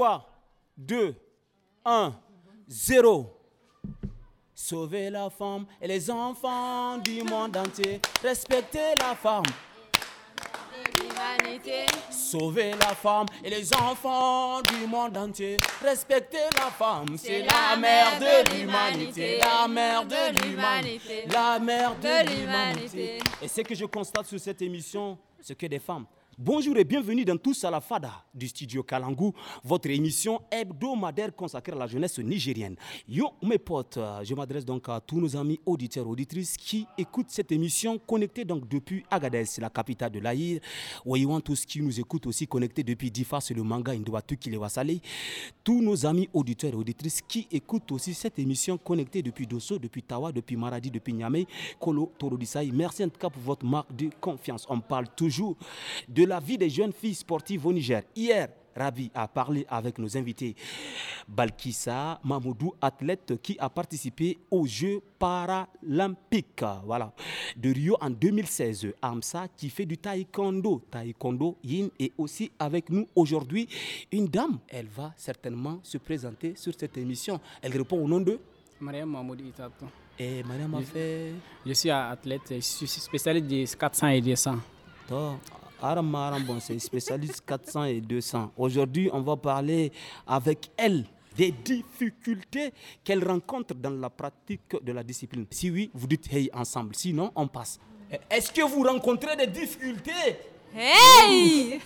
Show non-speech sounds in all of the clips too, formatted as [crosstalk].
3, 2, 1, 0. Sauvez la femme et les enfants du monde entier. Respectez la femme. Sauvez la femme et les enfants du monde entier. Respectez la femme, c'est la mère de l'humanité, la mère de l'humanité, la mère de l'humanité. Et ce que je constate sur cette émission, c'est que des femmes Bonjour et bienvenue dans Tous à la Fada du studio Kalangu, votre émission hebdomadaire consacrée à la jeunesse nigérienne. Yo, mes potes, euh, je m'adresse donc à tous nos amis auditeurs, auditrices qui écoutent cette émission connectée donc depuis Agadez, la capitale de l'Aïr. Voyons tous qui nous écoutent aussi connectés depuis Difa, c'est le manga Indouatu Kilewasale. Tous nos amis auditeurs et auditrices qui écoutent aussi cette émission connectée depuis Dosso, depuis Tawa, depuis Maradi, depuis Niamey, Kolo, Merci en tout cas pour votre marque de confiance. On parle toujours de la vie des jeunes filles sportives au Niger. Hier, Ravi a parlé avec nos invités. Balkissa Mamoudou, athlète qui a participé aux Jeux paralympiques voilà. de Rio en 2016. Amsa qui fait du taekwondo, taekwondo yin et aussi avec nous aujourd'hui une dame. Elle va certainement se présenter sur cette émission. Elle répond au nom de Mariam Mamoudou Itato. Et Mariam a fait... Je suis athlète, je suis spécialiste des 400 et 200. Aram bon, c'est spécialiste 400 et 200. Aujourd'hui, on va parler avec elle des difficultés qu'elle rencontre dans la pratique de la discipline. Si oui, vous dites hey ensemble, sinon on passe. Est-ce que vous rencontrez des difficultés Hey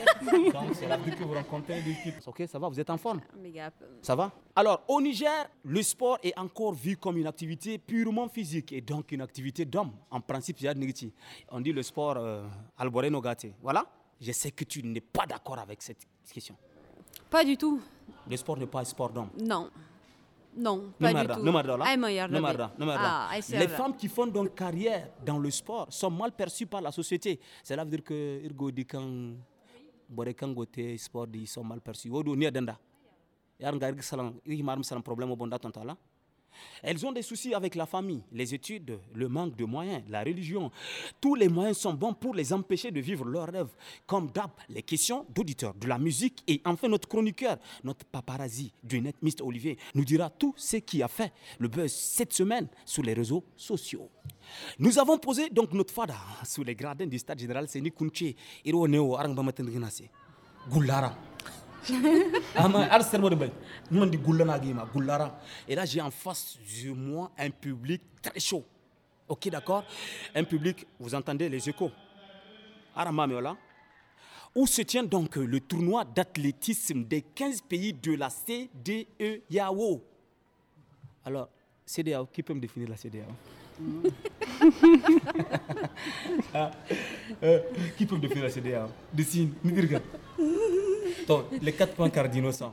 Donc c'est la que vous rencontrez l'équipe. Ok, ça va, vous êtes en forme ah, euh, Ça va Alors au Niger, le sport est encore vu comme une activité purement physique et donc une activité d'homme. En principe, Niriti. On dit le sport alboré euh, alboreno gâté. Voilà Je sais que tu n'es pas d'accord avec cette question. Pas du tout. Le sport n'est pas un sport d'homme Non. Non, pas du tout. Les femmes qui font donc carrière dans le sport sont mal perçues par la société. Cela veut dire que Irgo dit quand Borekangote sport ils sont mal perçus. Odo ni adenda. Yar ngarigi salam, i maram salam problème au bonda là. Elles ont des soucis avec la famille, les études, le manque de moyens, la religion. Tous les moyens sont bons pour les empêcher de vivre leurs rêves. Comme d'hab, les questions d'auditeurs, de la musique et enfin notre chroniqueur, notre paparazzi du net, Mr. Olivier, nous dira tout ce qui a fait le buzz cette semaine sur les réseaux sociaux. Nous avons posé donc notre fada sous les gradins du stade général Séni Kunche, [laughs] Et là, j'ai en face de moi un public très chaud. Ok, d'accord Un public, vous entendez les échos. Où se tient donc le tournoi d'athlétisme des 15 pays de la CDE Yao Alors, CDAO, e, qui peut me définir la CDAO e? [laughs] ah, euh, Qui peut me définir la CDAO e? Dessine, regardons les quatre points cardinaux sont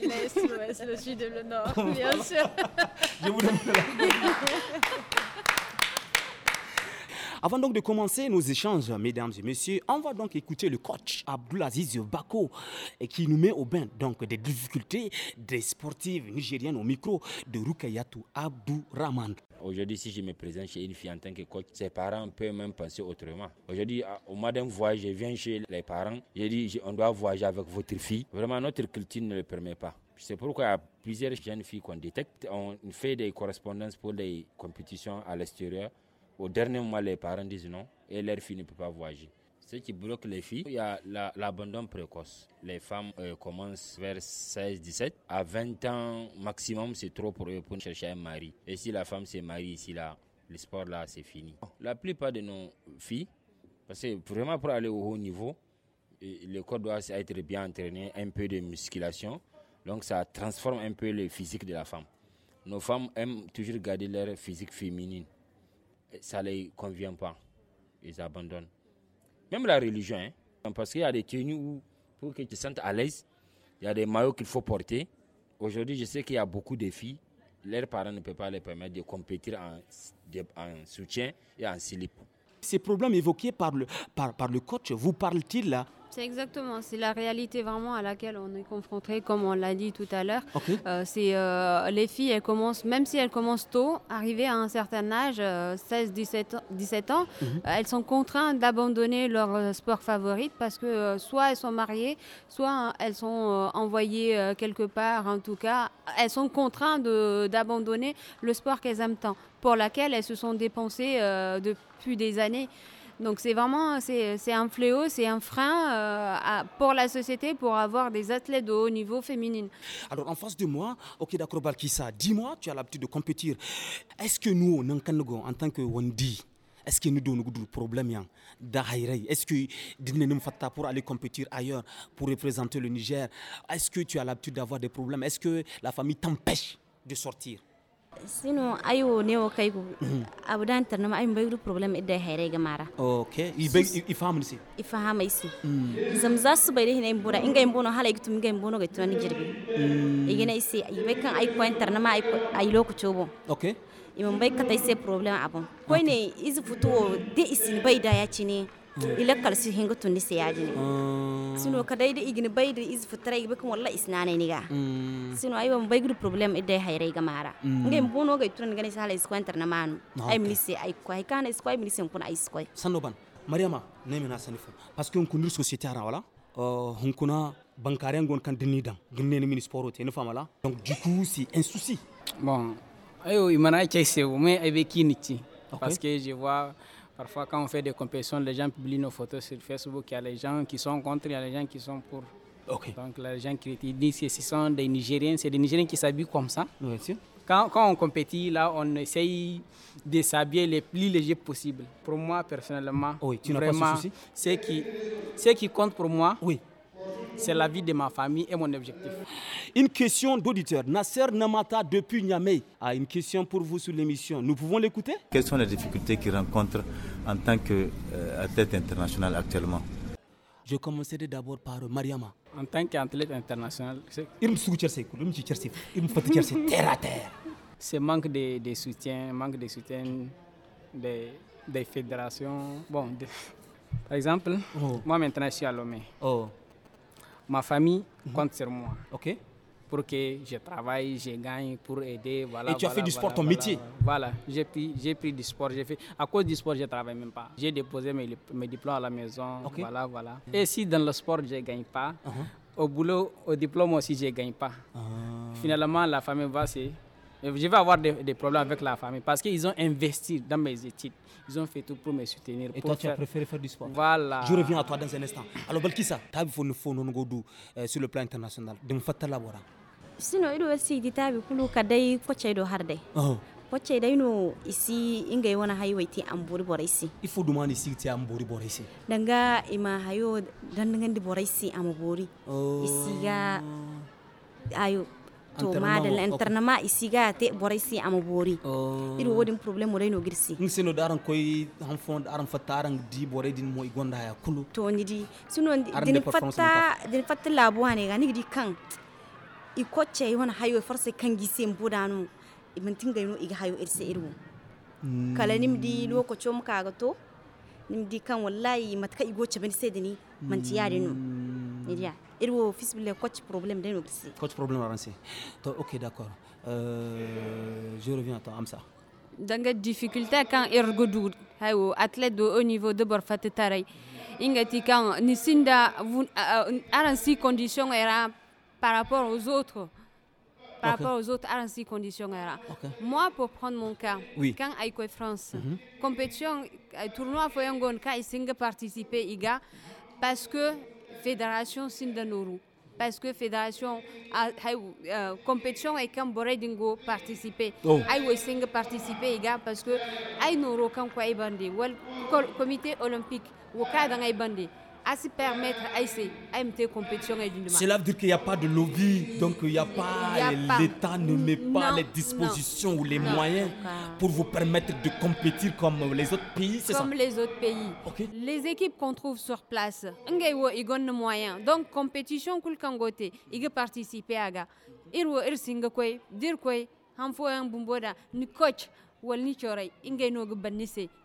L'Est, l'Ouest, le Sud et le Nord, [laughs] bien sûr. [laughs] Avant donc de commencer nos échanges, mesdames et messieurs, on va donc écouter le coach Abdulaziz Bako qui nous met au bain donc des difficultés des sportives nigériennes au micro de Rukayatu Abdourahman. Aujourd'hui, si je me présente chez une fille en tant que coach, ses parents peuvent même penser autrement. Aujourd'hui, au mois d'un voyage, je viens chez les parents, je dis on doit voyager avec votre fille. Vraiment, notre culture ne le permet pas. C'est pourquoi plusieurs jeunes filles qu'on détecte, on fait des correspondances pour des compétitions à l'extérieur. Au dernier moment, les parents disent non et leur fille ne peut pas voyager ce qui bloque les filles, il y a l'abandon précoce. Les femmes euh, commencent vers 16-17. À 20 ans maximum, c'est trop pour pour chercher un mari. Et si la femme se marie ici, là, le sport, là, c'est fini. La plupart de nos filles, parce que vraiment pour aller au haut niveau, le corps doit être bien entraîné, un peu de musculation. Donc ça transforme un peu le physique de la femme. Nos femmes aiment toujours garder leur physique féminine. Ça ne les convient pas. Ils abandonnent. Même la religion, hein. parce qu'il y a des tenues où, pour que tu te sentes à l'aise, il y a des maillots qu'il faut porter. Aujourd'hui, je sais qu'il y a beaucoup de filles, leurs parents ne peuvent pas les permettre de compétir en, soutien et en slip. Ces problèmes évoqués par le, par, par le coach vous parlent-ils c'est exactement, c'est la réalité vraiment à laquelle on est confronté, comme on l'a dit tout à l'heure. Euh, c'est euh, les filles, elles commencent, même si elles commencent tôt, arrivées à un certain âge, 16, 17, 17 ans, mhm. elles sont contraintes d'abandonner leur euh, sport favori parce que soit elles sont mariées, soit hein, elles sont envoyées quelque part. En tout cas, elles sont contraintes d'abandonner le sport qu'elles aiment tant, pour laquelle elles se sont dépensées depuis des années. Donc c'est vraiment c'est un fléau, c'est un frein euh, pour la société pour avoir des athlètes de haut niveau féminine. Alors en face de moi, ok d'accord Balkissa, dis-moi, tu as l'habitude de compétir. Est-ce que nous, en tant que Wendy, est-ce que nous avons des problèmes hein, Est-ce que nous pour aller compétir ailleurs, pour représenter le Niger Est-ce que tu as l'habitude d'avoir des problèmes Est-ce que la famille t'empêche de sortir sino ayo newo kaygu [clears throat] abudaantarnama ayin baydu problem idai se zama za ifahamnisi ifahamaysi mm. zamzasu bayde hina ngey inga no hala igtum inga imbuno gaitu tunandi jirbi mm. igina isi bay kaŋ ay kwentarnama ay ay loku boŋ i imam bay ay se a boŋ koyne izi futuo de isin da ya cine Mm. ila kalsi hinga tunisi yaadini mm. sino kadayda igina bayda is fatarayga bakan walla isnaanayniga mm. sino aywa mabaygdu problem iday hayrayga maara ngay no gay turan gani sala isko interna maanu ay minisi ay ko ay kana isko ay minisi kun ay isko sanoban mariama nemina sanifu parce que on kundur société ara wala uh, hunkuna bancaire ngon kan dinidan gnene mini sport te ne famala donc du coup c'est un souci bon ayo imana chese mais ay be kiniti parce que je vois Parfois, quand on fait des compétitions, les gens publient nos photos sur Facebook. Il y a les gens qui sont contre, il y a les gens qui sont pour. Donc, les gens qui disent que ce sont des Nigériens, c'est des Nigériens qui s'habillent comme ça. quand, quand, on compétit, là, on essaye de s'habiller le plus léger possible. Pour moi, personnellement, vraiment, ce, qui, ce qui compte pour moi, oui. C'est la vie de ma famille et mon objectif. Une question d'auditeur. Nasser Namata depuis Niamey a une question pour vous sur l'émission. Nous pouvons l'écouter Quelles sont les difficultés qu'il rencontre en tant qu'athlète euh, international actuellement Je commencerai d'abord par Mariama. En tant qu'athlète international, il me soutient, il me fait terre à terre. C'est manque de, soutien, manque de soutien des, fédérations. Bon, par exemple, oh. moi maintenant je suis à Lomé. Oh ma famille mhm. compte sur moi. Ok. Pour que je travaille, je gagne, pour aider. Voilà, Et tu as fait du sport, ton métier Voilà, j'ai pris, pris, du sport. Fait, à cause du sport, je ne travaille même pas. J'ai déposé mes, mes, diplômes à la maison. Voilà, voilà. Mhm. Et si dans le sport, je ne gagne pas, uh-huh. au boulot, au diplôme aussi, je ne gagne pas. Ah. Finalement, la famille va se je vais avoir des, des, problèmes avec la famille parce qu'ils ont investi dans mes études. Ils ont fait tout pour me soutenir. Et toi, tu as préféré faire du sport. Voilà. Je reviens à toi dans un instant. Alors, nous tu as vu euh, sur le plan international. De Sinon, il y a aussi des tables pour kadai poche do harde. Oh. Poche da ino isi inga yona hayo iti ambori bora isi. Il faut demander si tu ambori bora isi. Danga ima hayo dandangan di bora ici. Ici, Isi ga oh. ayo to madalla internama isiga te boray si ama boori oh. iru wodin problem woray no girsi misino daran koy han fond aran fatta di boray din mo igonda ya kulu to ni di sino din fatta din fatta labu hane ga ni di kan i kocce wona hayo e forse kan gise mbudanu min tinga no iga hayo irse iru hmm. kala nim di lokacin muka ga to nim di kan wallahi matka igo cebin sai sedini man tiyare no ni dia Il wo fisbile coach problème de noxi coach problème avancé ok d'accord euh, je reviens à toi Amsa danga difficulté y a hayo athlète de haut niveau de borfate taray ingati kan nisinda euh, euh, aransi condition era par rapport aux autres par rapport aux autres aransi condition era okay. moi pour prendre mon cas oui. quand aiko France mm -hmm. compétition euh, tournoi foyangon ka isinga participer iga parce que fédération Sindanuru parce que fédération euh, compétition et quand Boredingo participer ay oh. sing participer iga parce que ay noro kan ko ay comité olympique wo ka dan bandi à se permettre à essayer AMT compétition et Cela veut dire qu'il n'y a pas de lobby, donc il n'y a pas, l'État ne met pas les dispositions ou les moyens pour vous permettre de compétir comme les autres pays, c'est ça Comme les autres pays. Les équipes qu'on trouve sur place, ils ont les moyens. Donc compétition cool kangote, ils participent à ça Ils vont ils quoi, dire quoi, hanfo un bumboda, ni coach, ou ni choray, ils gagnent au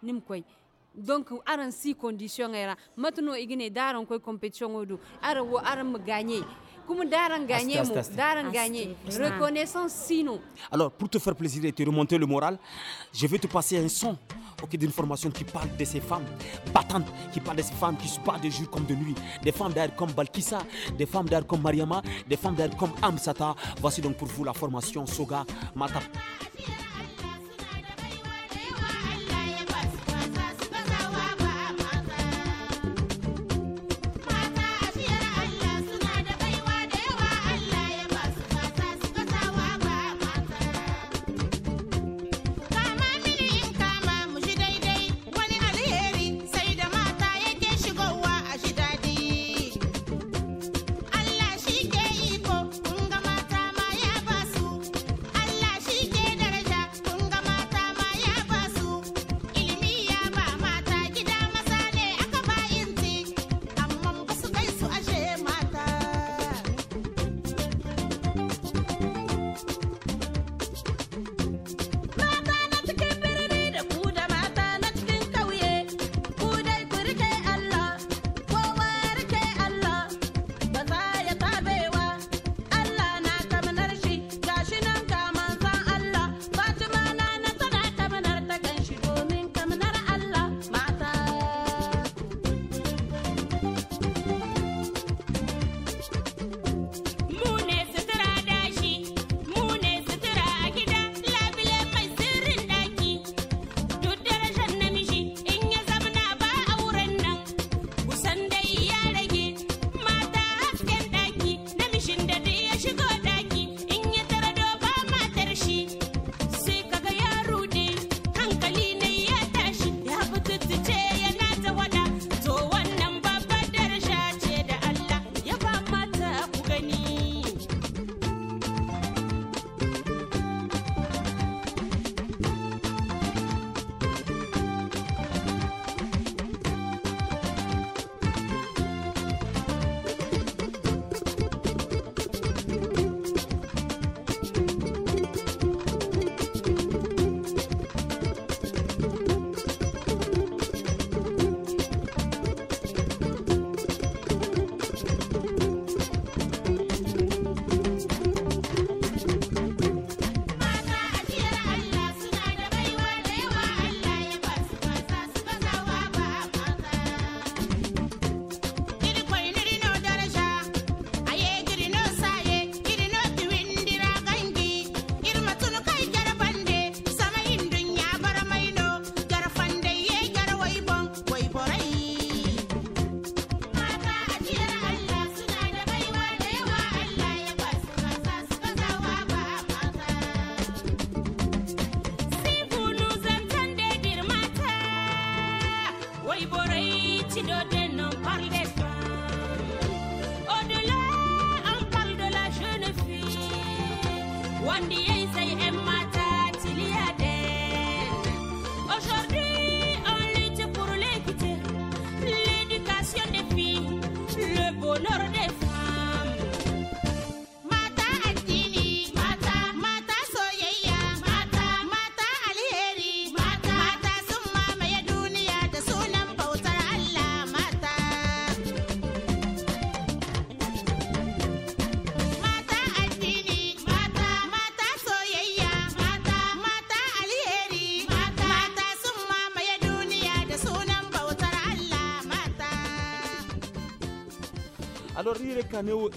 nim quoi donc aran si condition era matno igine daran koy compétition odu ara wo aran me gagner comme daran gagner mo daran gagner reconnaissance sinon. alors pour te faire plaisir et te remonter le moral je vais te passer un son ok d'une formation qui parle de ces femmes battantes qui parle de ces femmes qui se battent de jour comme de nuit des femmes d'air comme Balkissa des femmes d'air comme Mariama des femmes d'air comme Amsata voici donc pour vous la formation Soga Mata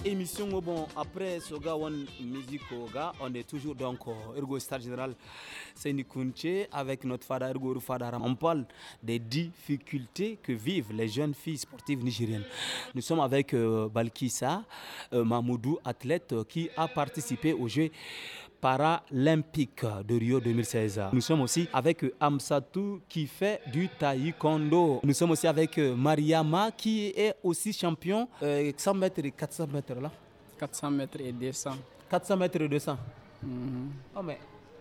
émission bon après soga one musique on est toujours donc ergo star général une avec notre fada ergo fada. On parle des difficultés que vivent les jeunes filles sportives nigériennes. Nous sommes avec euh, Balkissa euh, athlète euh, qui a participé au jeu. Paralympique de Rio 2016. Nous sommes aussi avec Amsatou qui fait du taekwondo. Nous sommes aussi avec euh, Mariama qui est aussi champion euh, 100 mètres et 400 mètres là. 400 mètres et 200. 400 mètres et 200. Mm-hmm. mais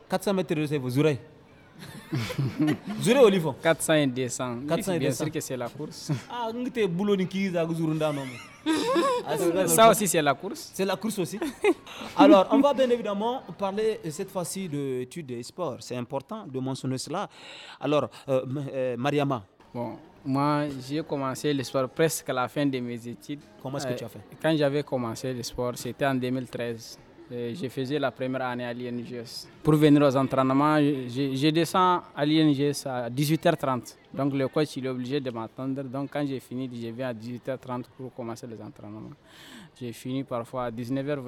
400 mètres et 200, vous aurez. Zure Olivon 400 et 200. 400 et 200. Bien sûr que c'est la course. Ah, ngite boulot qui kiza guzurunda non. Ah, ça aussi, c'est la course. C'est la course aussi. [laughs] Alors, on va bien évidemment parler euh, cette fois-ci de et sports. C'est important de mentionner cela. Alors, euh, euh, Mariama. Bon, moi, j'ai commencé le sport presque à la fin de mes études. Comment est-ce que tu as fait Quand j'avais commencé le sport, c'était en 2013 je faisais la première année à l'INGS. Pour venir aux entraînements, je, descends à l'INGS à 18h30. Donc le coach il est obligé de m'attendre. Donc quand j'ai fini, je viens à 18h30 pour commencer les entraînements. J'ai fini parfois à 19h,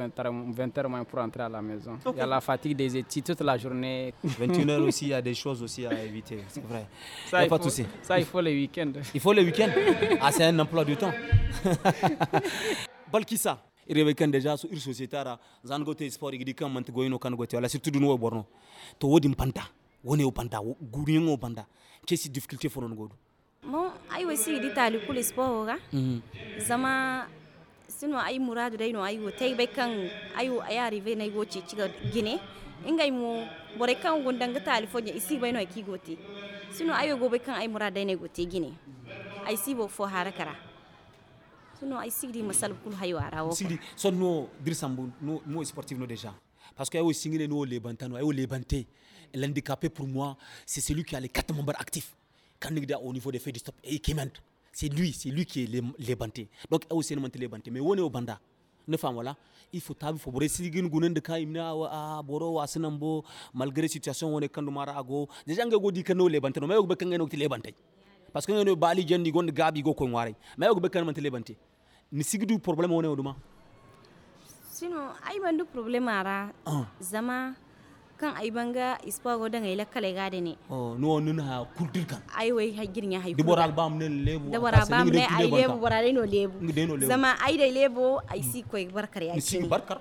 20h, pour entrer à la maison. Il y a la fatigue des études toute la journée. 21h [laughs] aussi, il y a des choses aussi à éviter, c'est vrai. Ça, il, faut, pas ça, il faut les week-ends. Il faut les week end Ah, c'est un emploi du temps. Balkissa, [laughs] irevekan déjà so ir société ra zan go te sport igidi kan mant go ino kan go te wala surtout du nouveau borno to wodi mpanta woni o panta gurien o panta ke si difficulté fonon godu mo ay we si di tali kul sport ga mm zama sino ay mourad day no ay wo tay be kan ay wo ay arrivé nay go ci ci gine ingay mo bore kan go ndanga tali fonya isi be no ay ki goti sino ay go be kan ay mourad day nay go te gine ay si bo fo harakara kara sinon ay sigidi masal kul hayo wo sigidi son no dirsambu no no sportif no déjà parce que ayo singine no lebantano ayo lebanté l'handicapé pour moi c'est celui qui a les quatre membres actifs quand il est au niveau des faits du stop et qui c'est lui c'est lui qui est lebanté donc ayo c'est monté lebanté mais on est au banda ne fam voilà. il faut tab faut bore sigin gunen de kay mina a boro wasinan bo malgré situation woné kandu mara ago déjà ngago di kano lebantano mais o be kangeno ti lebantay parce que ngeno bali jendi gonde gabi go ko ngwari mais o be kan man ti lebantay ni sigidu problème wone oduma sino ay bandu problème ara uh. zama kan ay banga ispa go danga ila kale gade ne oh no nun ha kultur kan ay way ha girnya hay dibora albam ne lebu dibora albam ne ay lebu bora no lebu zama ay dai lebu ay si koy barkar ya si barkar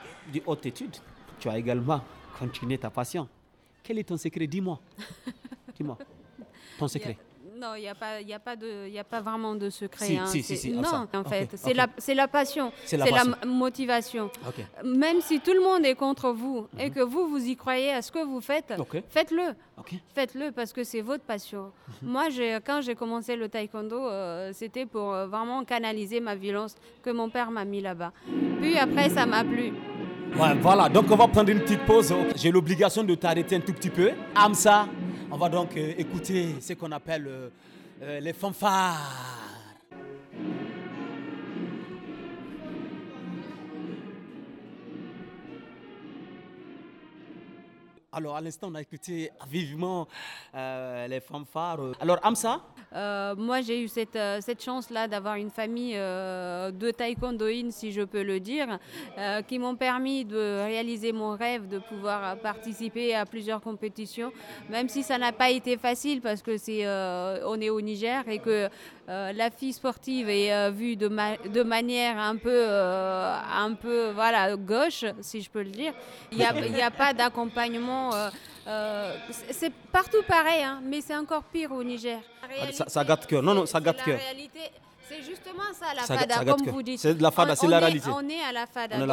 de haute étude, tu as également continué ta passion. Quel est ton secret Dis-moi. [laughs] Dis-moi. Ton secret. Non, il n'y a, pas, a, a pas vraiment de secret. non, en fait, c'est la, c'est la passion, c'est la, motivation. Même si tout le monde est contre vous mhm. et que vous, vous y croyez à ce que vous faites, faites-le. Faites-le parce que c'est votre passion. Mhm. Moi, quand j'ai commencé le taekwondo, euh, c'était pour euh, vraiment canaliser ma violence que mon père m'a mis là-bas. Puis après, ça m'a plu voilà, donc on va prendre une petite pause. J'ai l'obligation de t'arrêter un tout petit peu. Amsa, on va donc euh, écouter ce qu'on appelle euh, euh, les fanfares. Alors, à l'instant, on a écouté vivement euh, les fanfares. Alors, Amsa euh, Moi, j'ai eu euh, cette, chance-là d'avoir une famille de taekwondoïnes, si je peux le dire, qui m'ont permis de réaliser mon rêve de pouvoir participer à plusieurs compétitions, même si ça n'a pas été facile parce que c'est on est au Niger et que la fille sportive est vue de, de manière un peu, un peu voilà, gauche, si je peux le dire. Il n'y a pas d'accompagnement euh, euh, c'est partout pareil, hein, mais c'est encore pire au Niger. Ah, ça, gâte que Non, non, ça gâte C'est justement ça, la fada, comme vous dites. C'est la fada, c'est la réalité. On est à la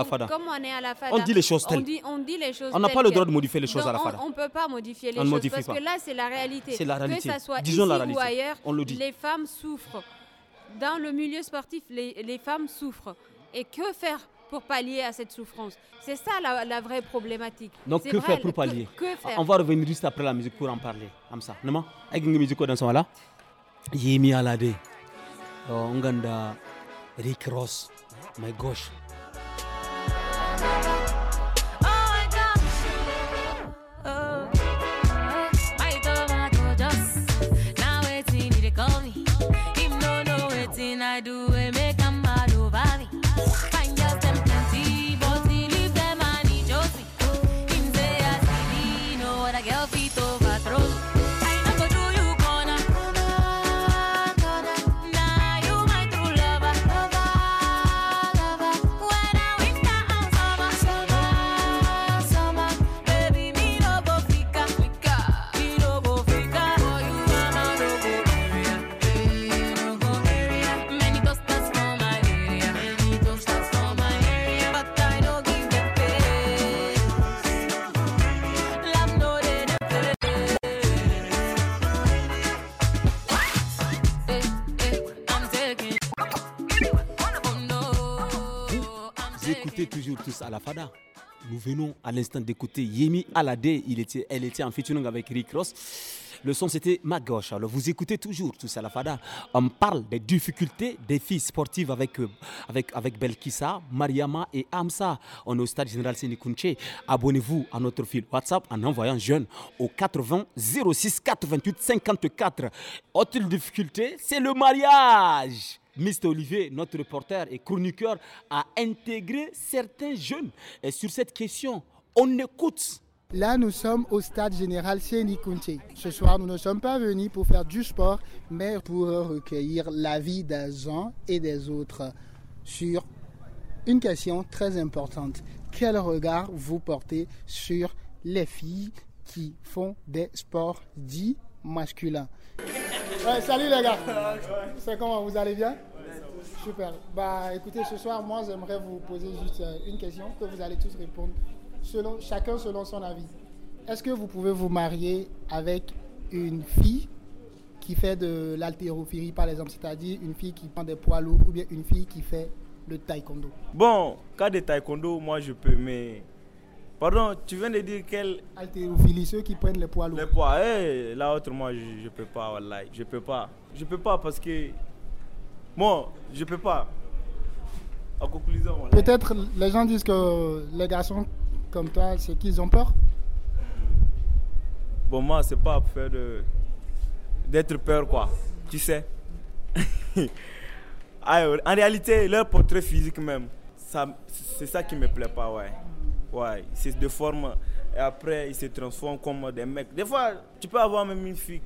fada. On comme on est à la fada, on dit les choses telles. On dit, on dit les choses On n'a pas le droit de modifier les choses à la fada. On ne peut pas modifier les choses parce que là, c'est la réalité. Que ça soit ici ou ailleurs, on le dit. les femmes souffrent. Dans le milieu sportif, les femmes souffrent. Et que faire pour pallier à cette souffrance. C'est ça la, vraie problématique. Donc que faire pour pallier On va revenir juste après la musique pour en parler. Comme ça, non Avec une musique dans moment là. Yemi Alade. Euh, Onganda Rick Ross. My gosh. Nous venons à l'instant d'écouter Yemi Alade. Il était, elle était en featuring avec Rick Ross. Le son, c'était ma gauche. Alors, vous écoutez toujours tout ça, la Fada. On parle des difficultés des filles sportives avec, euh, avec, avec Belkissa, Mariama et Amsa On est au stade général Sénikounche. Abonnez-vous à notre fil WhatsApp en envoyant jeune au 80 06 88 54. Autre difficulté, c'est le mariage. Mr. Olivier, notre reporter et chroniqueur, a intégré certains jeunes et sur cette question. On écoute. Là, nous sommes au stade général Sieni Kunti. Ce soir, nous ne sommes pas venus pour faire du sport, mais pour recueillir l'avis des uns et des autres sur une question très importante. Quel regard vous portez sur les filles qui font des sports dits masculins Salut les gars [laughs] C'est comment Vous allez bien Super. Bah, écoutez, ce soir, moi, j'aimerais vous poser juste euh, une question que vous allez tous répondre, selon, chacun selon son avis. Est-ce que vous pouvez vous marier avec une fille qui fait de l'haltérophilie, par exemple, c'est-à-dire une fille qui prend des poids lourds ou bien une fille qui fait le taekwondo Bon, cas de taekwondo, moi, je peux, mais. Pardon, tu viens de dire quelle. altérophilie ceux qui prennent les poids lourds. Les poids, hey, eh, là, autrement, je, ne peux pas, wallahi. Je peux pas. Je peux pas parce que moi, je peux pas. En conclusion, voilà. Peut-être les gens disent que les garçons comme toi, c'est qu'ils ont peur. Bon, moi, c'est pas faire de d'être peur, quoi. Tu sais. [laughs] en réalité, leur portrait physique même, c'est ça qui me plaît pas, ouais. Ouais, c'est de forme. Et après, ils se transforment comme des mecs. Des fois, tu peux avoir même une fille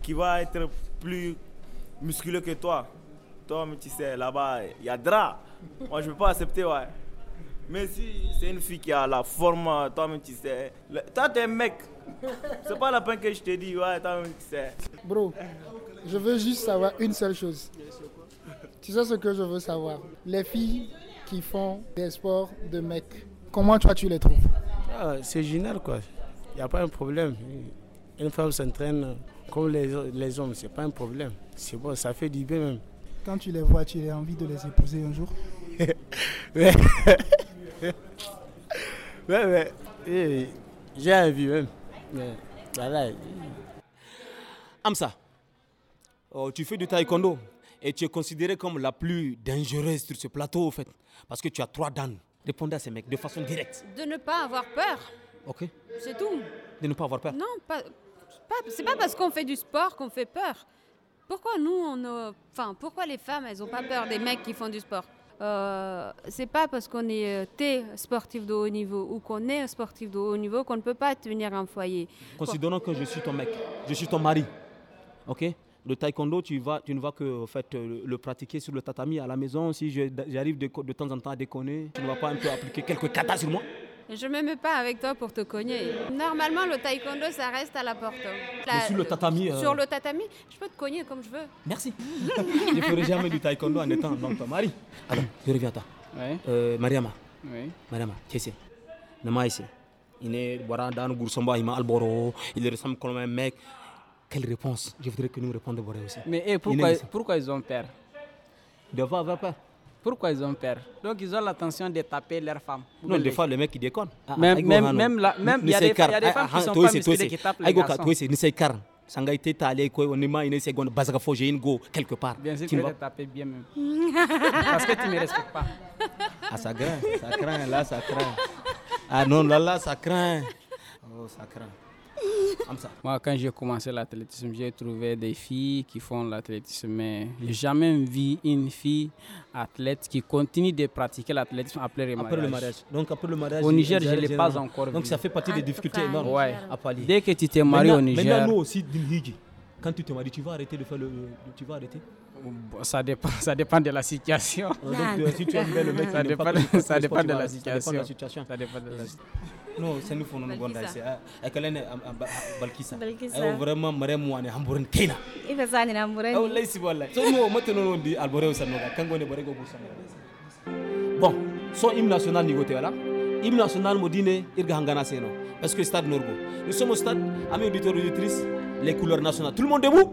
qui, va être plus musculeuse que toi. Toi, tu sais, là-bas, il y a drap. Moi, je ne peux pas accepter, ouais. Mais si c'est une fille qui a la forme, toi, même tu sais. Toi, t'es un mec. C'est pas la peine que je te dis, ouais, toi, tu sais. Bro, je veux juste savoir une seule chose. Tu sais ce que je veux savoir Les filles qui font des sports de mecs, comment toi, tu les trouves ah, C'est génial, quoi. Il n'y a pas un problème. Une femme s'entraîne comme les, les hommes, c'est pas un problème. C'est bon, ça fait du bien même. Quand tu les vois, tu as envie de les épouser un jour [laughs] eh, J'ai envie hein. même. Voilà. Amsa, oh, tu fais du taekwondo et tu es considéré comme la plus dangereuse sur ce plateau, en fait, parce que tu as trois dames. Répondez à ces mecs de façon directe. De ne pas avoir peur. Ok. C'est tout. De ne pas avoir peur. Non, pas c'est pas parce qu'on fait du sport qu'on fait peur. Pourquoi nous, on enfin, pourquoi les femmes, elles n'ont pas peur des mecs qui font du sport euh, c'est pas parce qu'on est euh, sportif de haut niveau ou qu'on est sportif de haut niveau qu'on ne peut pas tenir un foyer. Considérons que je suis ton mec, je suis ton mari, ok le taekwondo, tu, tu ne vas que fait, euh, le pratiquer sur le tatami à la maison. Si j'arrive de, temps en temps à déconner, tu ne vas pas un peu appliquer quelques katas sur moi je ne me mets pas avec toi pour te cogner. Normalement, le taekwondo, ça reste à la porte. sur le tatami. Euh, sur le tatami, je peux te cogner comme je veux. Merci. [laughs] je ne ferai jamais du taekwondo en étant dans ton mari. Adam.. je reviens à toi. Oui. Euh, Mariama. Oui. Mariama, qu'est-ce que c'est Il est dans le il m'a alboro, il ressemble comme un mec. Quelle réponse Je voudrais que nous répondions aussi. Mais eh, pourquoi, ils ont peur Ils va avoir peur. Pourquoi ils ont peur Donc ils ont l'intention de taper leurs femmes. Non, des fois le mec il déconne. Ah, ah, même même même il y a des ah, femmes qui sont pas musclées qui tapent les garçons. c'est seconde j'ai go quelque part. Bien sûr tu vas taper bien même. [laughs] Parce que tu me respectes pas. Ah ça craint, là ça craint. Ah non là là ça craint. Oh ça craint. Moi, quand j'ai commencé l'athlétisme, j'ai trouvé des filles qui font l'athlétisme, mais j'ai jamais vu une fille athlète qui continue de pratiquer l'athlétisme après le mariage. Donc après le mariage. Au Niger, je ne l'ai pas encore vu. Donc ça fait partie des difficultés énormes à Pali. Dès que tu t'es marié au Niger. Maintenant, nous aussi, quand tu te maries, tu vas arrêter de faire le, tu vas arrêter ça dépend, [laughs] ça dépend de la situation. Donc, euh, si tu aimes bien le mec, ça dépend, hein. ça dépend de la situation. Ça dépend de la situation. Ça dépend de la situation. non sani fo non gonda se a kala ne Balkissa. Euh, ay vraiment mare mu ane hamburen kina ifa sani na hamburen aw lay si wallahi so mo mate non di alboreo sanno ga kango ne bare go bu sanno bon son hymne national ni gote hymne national mo dine irga hangana seno parce que stade norgo nous sommes au stade amis auditeurs auditrices les couleurs nationales tout le monde debout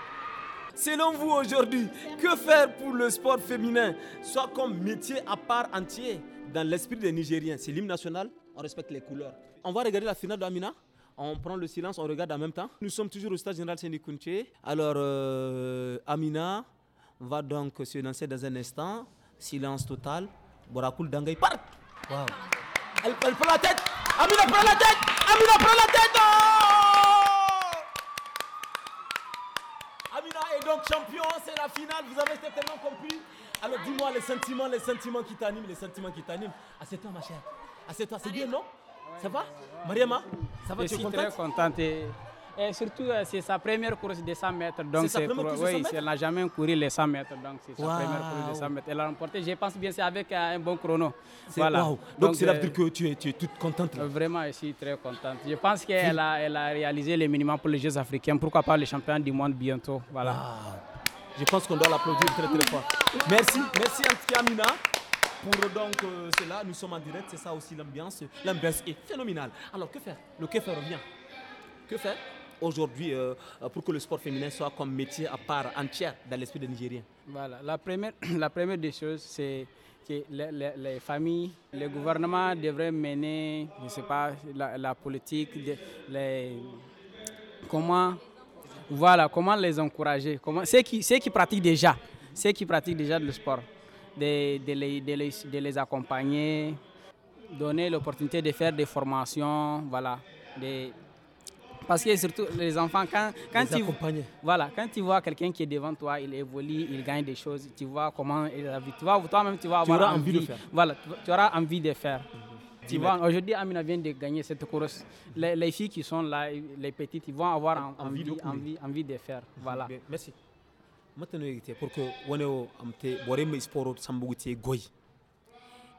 Selon vous aujourd'hui, que faire pour le sport féminin soit comme métier à part entier dans l'esprit des Nigériens C'est l'hymne national, on respecte les couleurs. On va regarder la finale d'Amina on prend le silence, on regarde en même temps. Nous sommes toujours au stade général Sénikounché. Alors, euh, Amina va donc se lancer dans un instant. Silence total. Borakul Dangay part. elle prend la tête. Amina prend la tête. Amina prend la tête. champion, hein, c'est la finale, vous avez certainement compris. Alors dis-moi les sentiments, les sentiments qui t'animent, les sentiments qui t'animent. Assieds-toi ma chère, assieds-toi, c'est bien non Ça va Mariama, ça va, tu très contente. Et surtout, euh, c'est sa première course de 100 mètres. Donc c'est première course oui, 100 elle n'a jamais couru les 100 mètres. Donc c'est sa première course de 100 mètres. Elle a remporté, je pense bien, c'est avec euh, un bon chrono. Voilà. Donc c'est la dire euh, que tu es, tu es toute contente. Vraiment, je suis très contente. Je pense qu'elle a, elle a réalisé les minimums pour les Jeux africains. Pourquoi pas les champions du monde bientôt. Voilà. Je pense qu'on doit l'applaudir très très fort. Merci, merci Mina. pour donc cela. Nous sommes en direct, c'est ça aussi l'ambiance. L'ambiance est phénoménale. Alors que faire Le que faire revient. Que faire aujourd'hui euh, euh, pour que le sport féminin soit comme métier à part entière dans l'esprit des Nigériens Voilà, la première, [coughs] la première des choses, c'est que les, familles, le gouvernement devraient mener, je ne sais pas, la, politique, comment, voilà, comment les encourager, comment, ceux, qui, ceux qui pratiquent déjà, qui pratiquent déjà le sport, de, les, de les accompagner, donner l'opportunité de faire des formations, voilà, des parce que surtout les enfants, quand, quand, tu, voilà, quand tu vois quelqu'un qui est devant toi, il évolue, il gagne des choses, tu vois comment il a vu. toi-même, tu vas avoir auras envie, de faire. Voilà, tu, auras envie de faire. Mhm. Tu vois, aujourd'hui, Amina vient de gagner cette course. Les, filles qui sont là, les petites, ils vont avoir envie, envie, envie, de faire. Mhm. Voilà. Merci. Maintenant, pour que vous ayez un sport, vous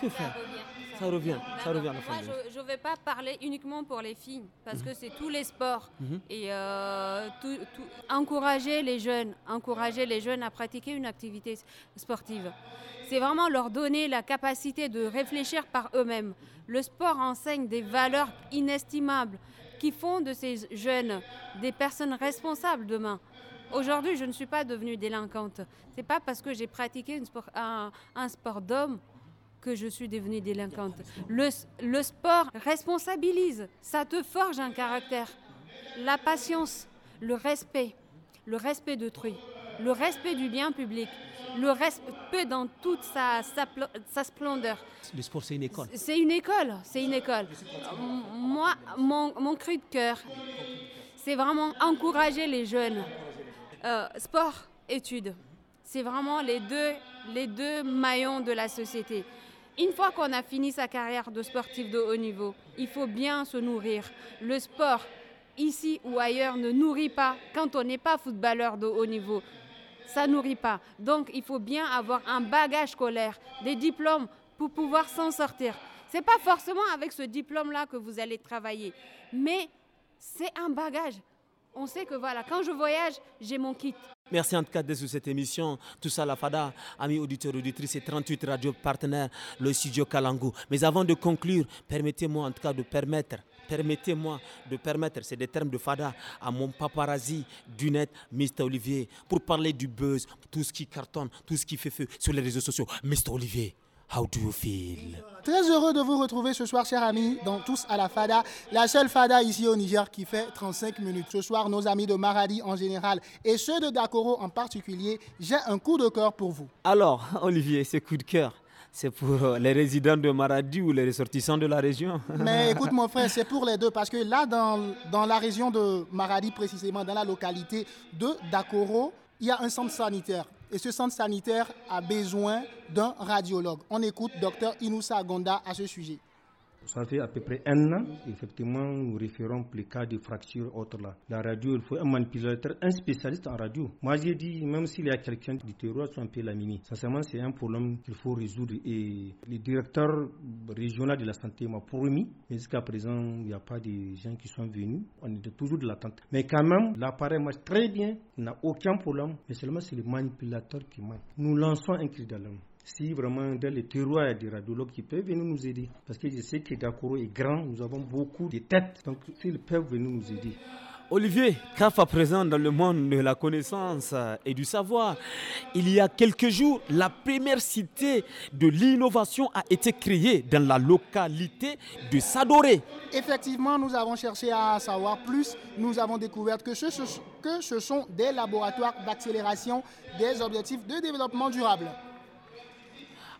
que faire ça, revient, ça revient Moi, je ne vais pas parler uniquement pour les filles, parce que mhm. c'est tous les sports. Mhm. Et euh, encourager les jeunes, encourager les jeunes à pratiquer une activité sportive. C'est vraiment leur donner la capacité de réfléchir par eux-mêmes. Le sport enseigne des valeurs inestimables qui font de ces jeunes des personnes responsables demain. Aujourd'hui, je ne suis pas devenue délinquante. C'est pas parce que j'ai pratiqué un, un sport d'homme je suis devenue délinquante. Le, sport responsabilise, ça te forge un caractère. La patience, le respect, le respect d'autrui, le respect du bien public, le respect dans toute sa, splendeur. Le sport, c'est une école. C'est une école, c'est une école. Moi, mon, cru de cœur, c'est vraiment encourager les jeunes. Euh, sport, études, c'est vraiment les deux maillons de la société. Une fois qu'on a fini sa carrière de sportif de haut niveau, il faut bien se nourrir. Le sport, ici ou ailleurs, ne nourrit pas quand on n'est pas footballeur de haut niveau. Ça nourrit pas. Donc il faut bien avoir un bagage scolaire, des diplômes pour pouvoir s'en sortir. C'est pas forcément avec ce diplôme-là que vous allez travailler, mais c'est un bagage. On sait que voilà, quand je voyage, j'ai mon kit. Merci en tout cas d'être cette émission. Tout ça, la FADA, amis auditeurs, auditrices et 38 radios partenaires, le studio Kalangou. Mais avant de conclure, permettez-moi en tout cas de permettre, permettez-moi de permettre, c'est des termes de FADA, à mon paparazzi du net, Mr. Olivier, pour parler du buzz, tout ce qui cartonne, tout ce qui fait feu sur les réseaux sociaux. Mr. Olivier. How do feel? Très heureux de vous retrouver ce soir, chers amis, dans Tous à la Fada, la seule Fada ici au Niger qui fait 35 minutes. Ce soir, nos amis de Maradi en général et ceux de Dakoro en particulier, j'ai un coup de cœur pour vous. Alors, Olivier, ce coup de cœur, c'est pour euh, les résidents de Maradi ou les ressortissants de la région Mais [laughs] écoute mon frère, c'est pour les deux parce que là, dans, dans la région de Maradi précisément, dans la localité de Dakoro, il y a un centre sanitaire et ce centre sanitaire a besoin d'un radiologue. On écoute Dr Inoussa Gonda à ce sujet. Ça fait à peu près un an. Effectivement, nous référons plus cas de fracture autre là. La radio, il faut un manipulateur, un spécialiste en radio. Moi, j'ai dit, même s'il y a quelqu'un du terroir, c'est un peu mini. Sincèrement, c'est un problème qu'il faut résoudre. Et le directeur régional de la santé m'a promis, mais jusqu'à présent, il n'y a pas de gens qui sont venus. On est toujours de l'attente. Mais quand même, l'appareil marche très bien, il n'a aucun problème, mais seulement c'est le manipulateur qui manque. Nous lançons un cri d'alarme si vraiment dans les terroirs du des radiologues qui peuvent venir nous aider. Parce que je sais que Dakoro est grand, nous avons beaucoup de têtes, donc s'ils peuvent venir nous aider. Olivier, CAF à présent dans le monde de la connaissance et du savoir. Il y a quelques jours, la première cité de l'innovation a été créée dans la localité de Sadoré. Effectivement, nous avons cherché à savoir plus. Nous avons découvert que ce sont des laboratoires d'accélération des objectifs de développement durable.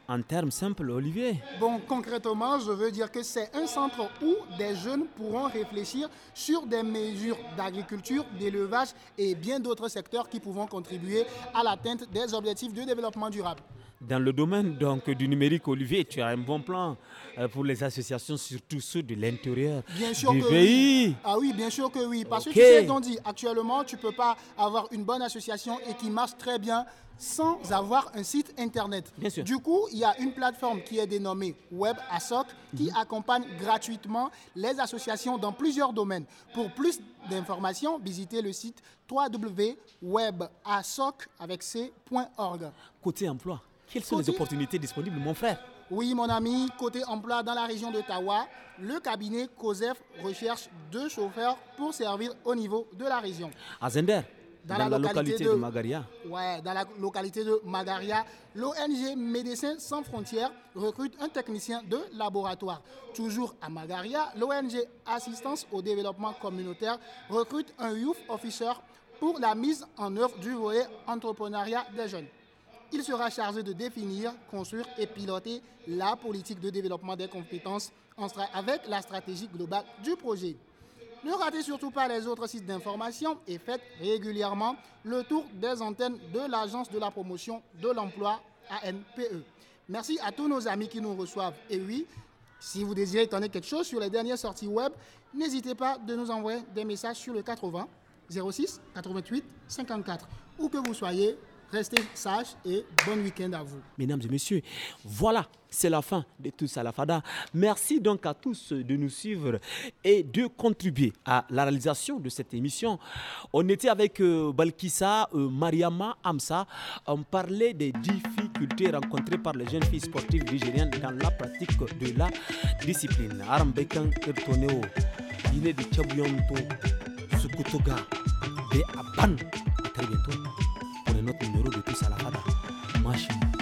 En termes simples, Olivier Bon, concrètement, je veux dire que c'est un centre où des jeunes pourront réfléchir sur des mesures d'agriculture, d'élevage et bien d'autres secteurs qui pourront contribuer à l'atteinte des objectifs de développement durable dans le domaine donc, du numérique, Olivier, tu as un bon plan euh, pour les associations, surtout ceux de l'intérieur du pays. Ah oui, bien sûr que oui. Parce que tu sais, dit. actuellement, tu ne peux pas avoir une bonne association et qui marche très bien sans avoir un site internet. Bien sûr. Du coup, il y a une plateforme qui est dénommée WebASOC qui mhm. accompagne gratuitement les associations dans plusieurs domaines. Pour plus d'informations, visitez le site www.webasoc.org. Côté emploi, quelles sont les opportunités disponibles, mon frère Oui, mon ami, côté emploi dans la région d'Ottawa, le cabinet COSEF recherche deux chauffeurs pour servir au niveau de la région. À Zender dans, la, localité, de, Magaria. Oui, dans la localité de Magaria, l'ONG Médecins sans frontières recrute un technicien de laboratoire. Toujours à Magaria, l'ONG Assistance au développement communautaire recrute un youth officer pour la mise en œuvre du volet entrepreneuriat des jeunes. Il sera chargé de définir, construire et piloter la politique de développement des compétences avec la stratégie globale du projet. Ne ratez surtout pas les autres sites d'information et faites régulièrement le tour des antennes de l'Agence de la promotion de l'emploi ANPE. Merci à tous nos amis qui nous reçoivent. Et oui, si vous désirez étonner quelque chose sur les dernières sorties web, n'hésitez pas de nous envoyer des messages sur le 80 06 88 54. Où que vous soyez, Restez sages et bon week-end à vous. Mesdames et messieurs, voilà, c'est la fin de tout à la FADA. Merci donc à tous de nous suivre et de contribuer à la réalisation de cette émission. On était avec euh, Balkissa, euh, Mariama, Amsa. On parlait des difficultés rencontrées par les jeunes filles sportives nigériennes dans la pratique de la discipline. il de de Aban. très bientôt. notre numéro de tous à la fada. Machine.